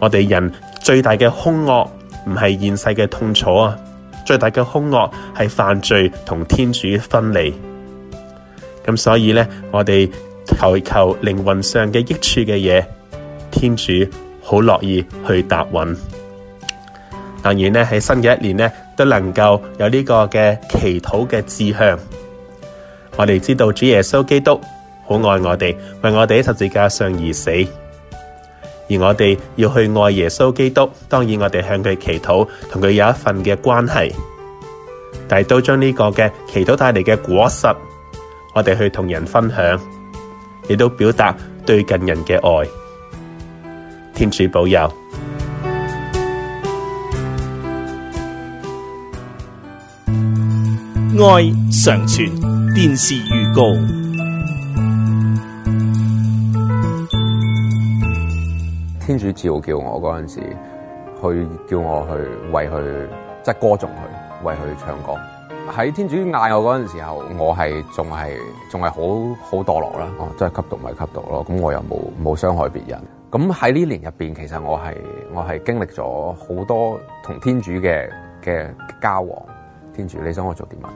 我哋人最大嘅凶惡唔係現世嘅痛楚啊，最大嘅凶惡係犯罪同天主分離。咁所以呢，我哋。求求靈魂上嘅益處嘅嘢，天主好樂意去答允。當然呢，喺新嘅一年呢，都能夠有呢個嘅祈禱嘅志向。我哋知道主耶穌基督好愛我哋，為我哋十字架上而死。而我哋要去愛耶穌基督，當然我哋向佢祈禱，同佢有一份嘅關係，但係都將呢個嘅祈禱帶嚟嘅果實，我哋去同人分享，亦都表達對近人嘅愛，天主保佑，愛常傳。電視預告，天主召叫我嗰陣時，佢叫我去為佢，即係歌頌佢，為佢唱歌。喺天主嗌我嗰陣時候，我係仲係仲係好好墮落啦。哦，即係吸毒咪吸毒咯。咁我又冇冇傷害別人。咁喺呢年入邊，其實我係我係經歷咗好多同天主嘅嘅交往。天主，你想我做點啊？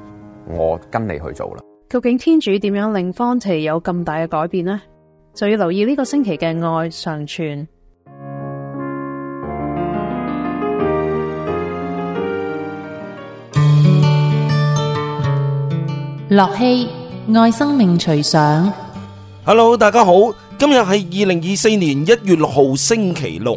我跟你去做啦。究竟天主點樣令方奇有咁大嘅改變呢？就要留意呢個星期嘅愛常傳。駱曦愛生命隨想，Hello，大家好，今日係二零二四年一月六號星期六，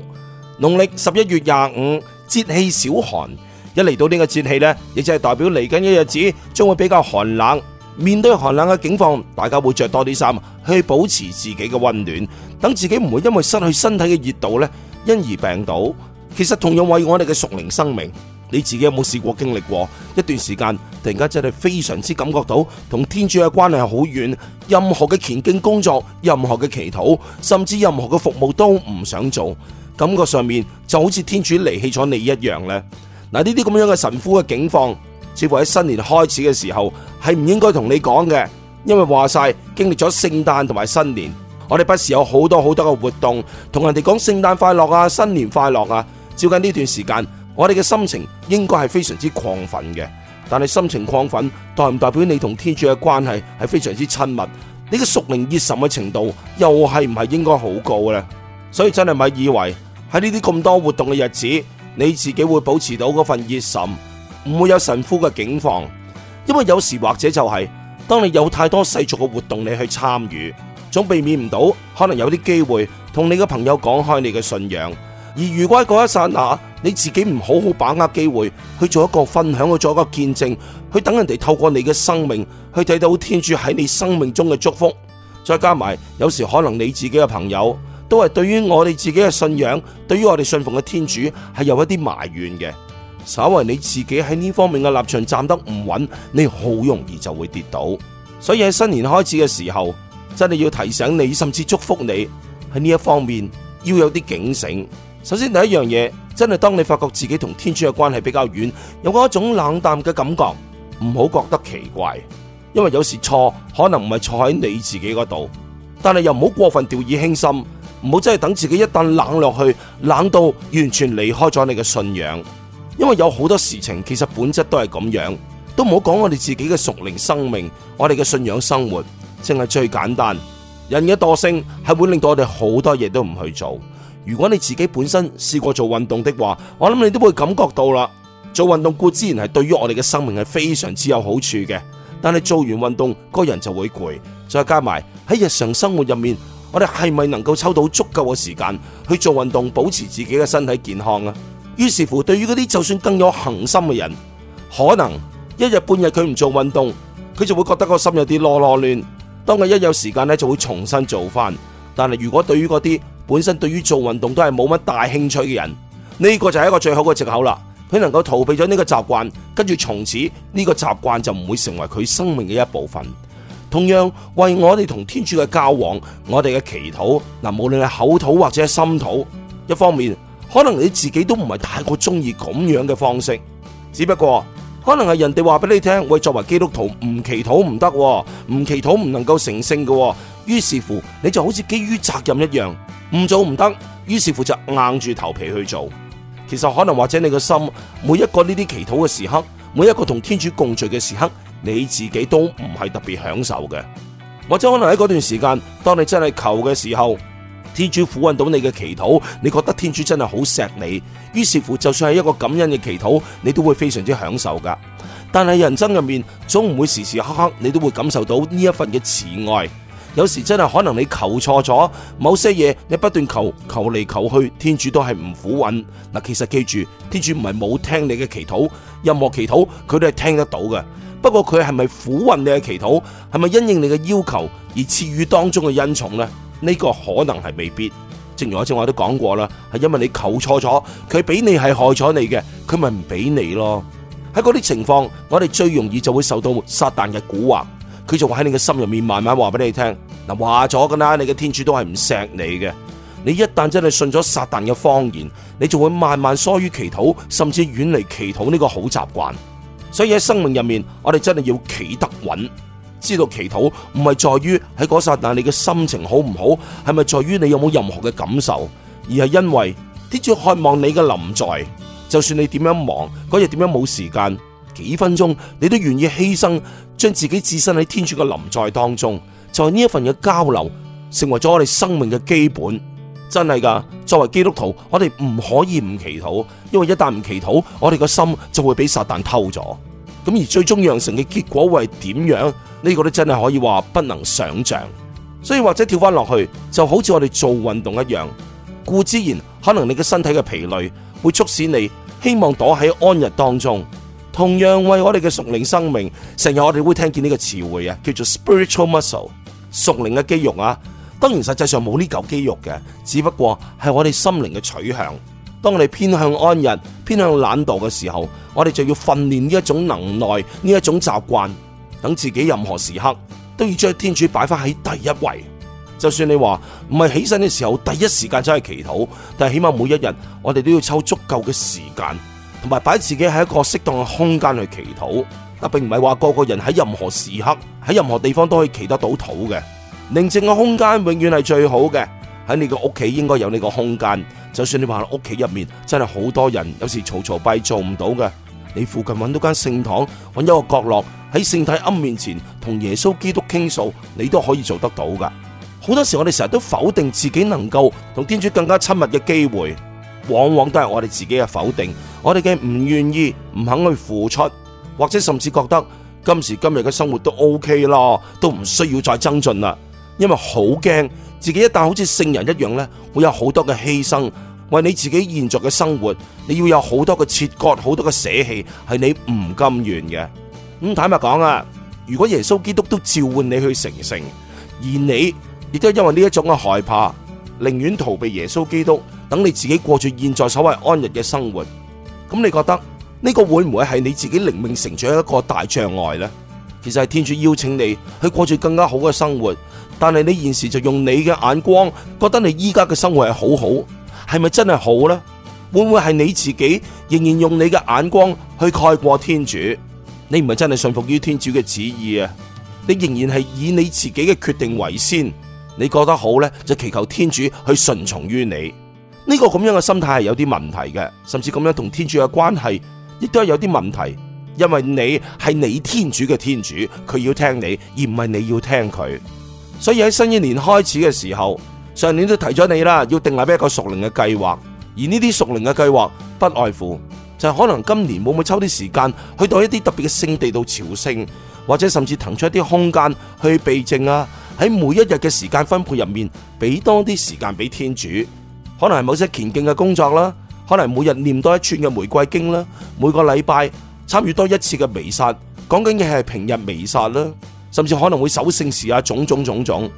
農曆十一月廿五，節氣小寒。一嚟到呢個節氣呢，亦即係代表嚟緊嘅日子將會比較寒冷。面對寒冷嘅境況，大家會着多啲衫去保持自己嘅温暖，等自己唔會因為失去身體嘅熱度呢，因而病倒。其實同樣為我哋嘅屬靈生命。你自己有冇試過經歷過一段時間？突然間真係非常之感覺到同天主嘅關係好遠，任何嘅虔敬工作、任何嘅祈禱，甚至任何嘅服務都唔想做，感覺上面就好似天主離棄咗你一樣呢。嗱，呢啲咁樣嘅神枯嘅境況，似乎喺新年開始嘅時候係唔應該同你講嘅，因為話晒經歷咗聖誕同埋新年，我哋不時有好多好多嘅活動，同人哋講聖誕快樂啊、新年快樂啊，照緊呢段時間。我哋嘅心情應該係非常之亢奮嘅，但係心情亢奮代唔代表你同天主嘅關係係非常之親密？你嘅屬靈熱忱嘅程度又係唔係應該好高呢？所以真係咪以為喺呢啲咁多活動嘅日子，你自己會保持到嗰份熱忱，唔會有神枯嘅境況？因為有時或者就係，當你有太多世俗嘅活動你去參與，總避免唔到可能有啲機會同你嘅朋友講開你嘅信仰，而如果喺嗰一剎那，你自己唔好好把握機會去做一個分享，去做一個見證，去等人哋透過你嘅生命去睇到天主喺你生命中嘅祝福。再加埋有時可能你自己嘅朋友都係對於我哋自己嘅信仰，對於我哋信奉嘅天主係有一啲埋怨嘅。稍為你自己喺呢方面嘅立場站得唔穩，你好容易就會跌倒。所以喺新年開始嘅時候，真係要提醒你，甚至祝福你喺呢一方面要有啲警醒。首先第一樣嘢。真係當你發覺自己同天主嘅關係比較遠，有嗰一種冷淡嘅感覺，唔好覺得奇怪，因為有時錯可能唔係錯喺你自己嗰度，但係又唔好過分掉以輕心，唔好真係等自己一旦冷落去，冷到完全離開咗你嘅信仰，因為有好多事情其實本質都係咁樣，都唔好講我哋自己嘅屬靈生命，我哋嘅信仰生活，淨係最簡單，人嘅惰性係會令到我哋好多嘢都唔去做。如果你自己本身試過做運動的話，我諗你都會感覺到啦。做運動固然係對於我哋嘅生命係非常之有好處嘅，但係做完運動個人就會攰，再加埋喺日常生活入面，我哋係咪能夠抽到足夠嘅時間去做運動，保持自己嘅身體健康啊？於是乎，對於嗰啲就算更有恆心嘅人，可能一日半日佢唔做運動，佢就會覺得個心有啲囉囉亂。當佢一有時間咧，就會重新做翻。但係如果對於嗰啲，本身對於做運動都係冇乜大興趣嘅人，呢個就係一個最好嘅藉口啦。佢能夠逃避咗呢個習慣，跟住從此呢個習慣就唔會成為佢生命嘅一部分。同樣為我哋同天主嘅交往，我哋嘅祈禱嗱，無論係口禱或者係心禱，一方面可能你自己都唔係太過鍾意咁樣嘅方式，只不過。可能係人哋話俾你聽，喂，作為基督徒唔祈禱唔得，唔祈禱唔能夠成聖嘅。於是乎，你就好似基於責任一樣，唔做唔得，於是乎就硬住頭皮去做。其實可能或者你嘅心，每一個呢啲祈禱嘅時刻，每一個同天主共聚嘅時刻，你自己都唔係特別享受嘅，或者可能喺嗰段時間，當你真係求嘅時候。天主俯允到你嘅祈禱，你覺得天主真係好錫你，於是乎就算係一個感恩嘅祈禱，你都會非常之享受噶。但係人生入面總唔會時時刻刻你都會感受到呢一份嘅慈愛。有時真係可能你求錯咗某些嘢，你不斷求求嚟，求去，天主都係唔俯允。嗱，其實記住，天主唔係冇聽你嘅祈禱，任何祈禱佢都係聽得到嘅。不過佢係咪俯允你嘅祈禱，係咪因應你嘅要求而賜予當中嘅恩寵呢？呢個可能係未必，正如我正話我都講過啦，係因為你求錯咗，佢俾你係害咗你嘅，佢咪唔俾你咯。喺嗰啲情況，我哋最容易就會受到撒旦嘅蠱惑，佢就會喺你嘅心入面慢慢話俾你聽，嗱，話咗噶啦，你嘅天主都係唔錫你嘅。你一旦真係信咗撒旦嘅謊言，你就會慢慢疏於祈禱，甚至遠離祈禱呢個好習慣。所以喺生命入面，我哋真係要企得穩。知道祈禱唔係在於喺嗰刹那你嘅心情好唔好，係咪在於你有冇任何嘅感受，而係因為天主渴望你嘅臨在。就算你點樣忙，嗰日點樣冇時間，幾分鐘你都願意犧牲，將自己置身喺天主嘅臨在當中。就係呢一份嘅交流，成為咗我哋生命嘅基本。真係噶，作為基督徒，我哋唔可以唔祈禱，因為一旦唔祈禱，我哋個心就會俾撒旦偷咗。咁而最終釀成嘅結果會係點樣？呢個都真係可以話不能想象。所以或者跳翻落去就好似我哋做運動一樣，故之然可能你嘅身體嘅疲累會促使你希望躲喺安逸當中。同樣為我哋嘅屬靈生命，成日我哋會聽見呢個詞彙啊，叫做 spiritual muscle。屬靈嘅肌肉啊。當然實際上冇呢嚿肌肉嘅，只不過係我哋心靈嘅取向。當你偏向安逸、偏向懶惰嘅時候，我哋就要訓練呢一種能耐、呢一種習慣，等自己任何時刻都要將天主擺翻喺第一位。就算你話唔係起身嘅時候，第一時間走去祈禱，但係起碼每一日我哋都要抽足夠嘅時間，同埋擺自己喺一個適當嘅空間去祈禱。但、啊、並唔係話個個人喺任何時刻、喺任何地方都可以祈得到禱嘅，寧靜嘅空間永遠係最好嘅。喺你個屋企應該有你個空間，就算你話喺屋企入面真係好多人，有時嘈嘈閉做唔到嘅，你附近搵到間聖堂，搵一個角落喺聖體龕面前同耶穌基督傾訴，你都可以做得到噶。好多時我哋成日都否定自己能夠同天主更加親密嘅機會，往往都係我哋自己嘅否定，我哋嘅唔願意、唔肯去付出，或者甚至覺得今時今日嘅生活都 OK 咯，都唔需要再增進啦。因為好驚自己一旦好似聖人一樣咧，會有好多嘅犧牲。為你自己現在嘅生活，你要有好多嘅切割，好多嘅捨棄，係你唔甘願嘅。咁、嗯、坦白講啊，如果耶穌基督都召喚你去成聖，而你亦都因為呢一種嘅害怕，寧願逃避耶穌基督，等你自己過住現在所謂安逸嘅生活，咁你覺得呢、呢個會唔會係你自己靈命成長一個大障礙呢？其實係天主邀請你去過住更加好嘅生活，但係你現時就用你嘅眼光覺得你依家嘅生活係好好，係咪真係好呢？會唔會係你自己仍然用你嘅眼光去蓋過天主？你唔係真係信服於天主嘅旨意啊！你仍然係以你自己嘅決定為先，你覺得好呢，就祈求天主去順從於你。呢個咁樣嘅心態係有啲問題嘅，甚至咁樣同天主嘅關係亦都係有啲問題。因為你係你天主嘅天主，佢要聽你，而唔係你要聽佢。所以喺新一年開始嘅時候，上年都提咗你啦，要定立一個屬靈嘅計劃。而呢啲屬靈嘅計劃，不外乎就係可能今年會唔會抽啲時間去到一啲特別嘅聖地度朝聖，或者甚至騰出一啲空間去避靜啊。喺每一日嘅時間分配入面，俾多啲時間俾天主。可能係某些虔敬嘅工作啦，可能每日念多一串嘅玫瑰經啦，每個禮拜參與多一次嘅彌撒，講緊嘅係平日彌撒啦，甚至可能會守聖時啊，種種種種。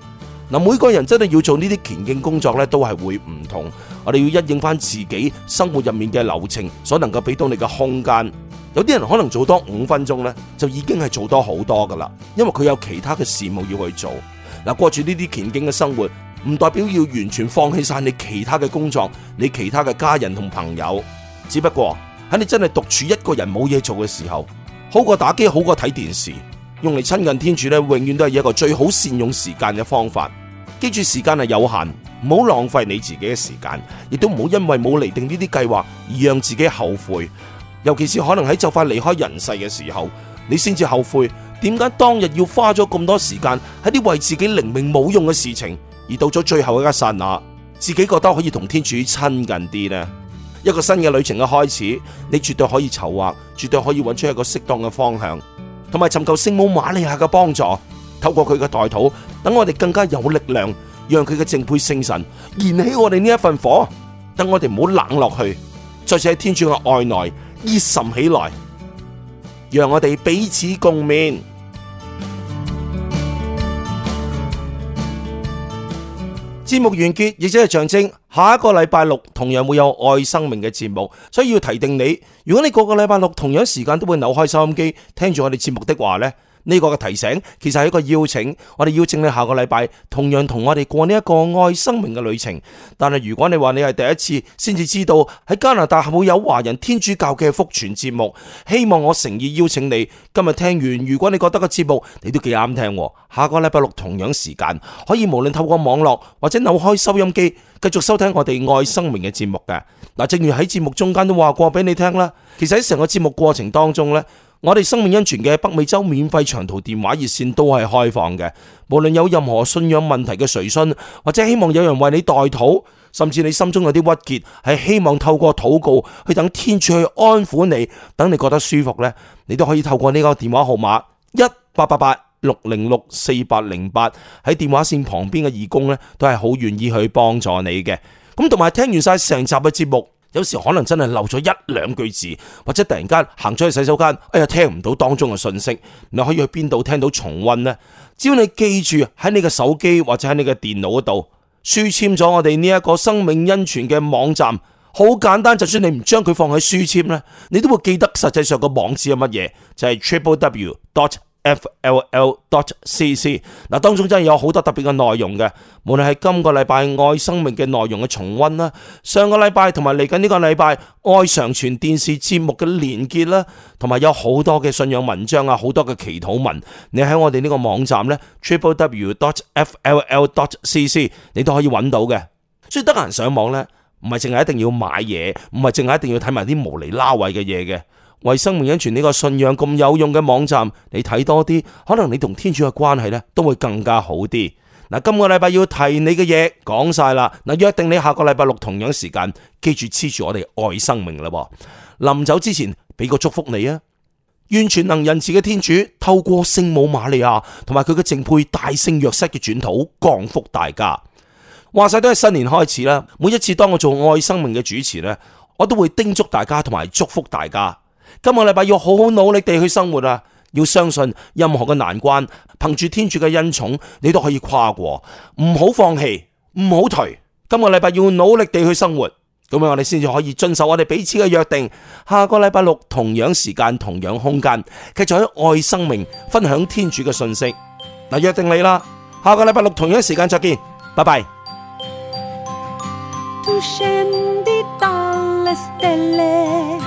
嗱，每個人真係要做呢啲虔敬工作呢，都係會唔同。我哋要一應翻自己生活入面嘅流程，所能夠俾到你嘅空間。有啲人可能做多五分鐘呢，就已經係做多好多噶啦，因為佢有其他嘅事務要去做。嗱，過住呢啲虔敬嘅生活，唔代表要完全放棄晒你其他嘅工作、你其他嘅家人同朋友，只不過，喺你真係獨處一個人冇嘢做嘅時候，好過打機，好過睇電視，用嚟親近天主呢，永遠都係一個最好善用時間嘅方法。記住時間係有限，唔好浪費你自己嘅時間，亦都唔好因為冇釐定呢啲計劃而讓自己後悔。尤其是可能喺就快離開人世嘅時候，你先至後悔點解當日要花咗咁多時間喺啲為自己靈命冇用嘅事情，而到咗最後一剎那，自己覺得可以同天主親近啲呢。一個新嘅旅程嘅開始，你絕對可以籌劃，絕對可以揾出一個適當嘅方向，同埋尋求聖母瑪利亞嘅幫助，透過佢嘅代禱，等我哋更加有力量，讓佢嘅淨配聖神燃起我哋呢一份火，等我哋唔好冷落去，再次喺天主嘅愛內熱忱起來，讓我哋彼此共勉。節目完結，亦即係象徵下一個禮拜六同樣會有愛生命嘅節目，所以要提定你。如果你個個禮拜六同樣時間都會扭開收音機聽住我哋節目的話呢。呢個嘅提醒其實係一個邀請，我哋邀請你下個禮拜同樣同我哋過呢一個愛生命嘅旅程。但係如果你話你係第一次先至知道喺加拿大係會有華人天主教嘅福傳節目，希望我誠意邀請你今日聽完。如果你覺得個節目你都幾啱聽，下個禮拜六同樣時間可以無論透過網絡或者扭開收音機繼續收聽我哋愛生命嘅節目嘅嗱。正如喺節目中間都話過俾你聽啦，其實喺成個節目過程當中呢。我哋生命恩泉嘅北美洲免費長途電話熱線都係開放嘅，無論有任何信仰問題嘅垂詢，或者希望有人為你代禱，甚至你心中有啲鬱結，係希望透過禱告去等天主去安撫你，等你覺得舒服呢，你都可以透過呢個電話號碼一八八八六零六四八零八，喺電話線旁邊嘅義工呢，都係好願意去幫助你嘅。咁同埋聽完晒成集嘅節目。有時可能真係漏咗一兩句字，或者突然間行咗去洗手間，哎呀，聽唔到當中嘅訊息。你可以去邊度聽到重温呢？只要你記住喺你嘅手機或者喺你嘅電腦嗰度書籤咗我哋呢一個生命恩泉嘅網站。好簡單，就算你唔將佢放喺書籤呢，你都會記得實際上個網址係乜嘢，就係 triple w dot。fll.cc 嗱，當中真係有好多特別嘅內容嘅，無論係今個禮拜愛生命嘅內容嘅重溫啦，上個禮拜同埋嚟緊呢個禮拜愛常傳電視節目嘅連結啦，同埋有好多嘅信仰文章啊，好多嘅祈禱文，你喺我哋呢個網站咧，www.fll.cc 你都可以揾到嘅，所以得閒上網呢，唔係淨係一定要買嘢，唔係淨係一定要睇埋啲無厘拉位嘅嘢嘅。為生命引存呢個信仰咁有用嘅網站，你睇多啲，可能你同天主嘅關係咧都會更加好啲。嗱，今個禮拜要提你嘅嘢講晒啦，嗱約定你下個禮拜六同樣時間，記住黐住我哋愛生命啦。臨走之前俾個祝福你啊！願全能仁慈嘅天主透過聖母瑪利亞同埋佢嘅淨配大聖若瑟嘅轉禱降福大家。話晒都係新年開始啦，每一次當我做愛生命嘅主持呢，我都會叮囑大家同埋祝福大家。今個禮拜要好好努力地去生活啊。要相信任何嘅難關，憑住天主嘅恩寵，你都可以跨過，唔好放棄，唔好頹。今個禮拜要努力地去生活，咁樣我哋先至可以遵守我哋彼此嘅約定。下個禮拜六同樣時間、同樣空間，繼續喺愛生命分享天主嘅信息。嗱，約定你啦，下個禮拜六同樣時間再見，拜拜。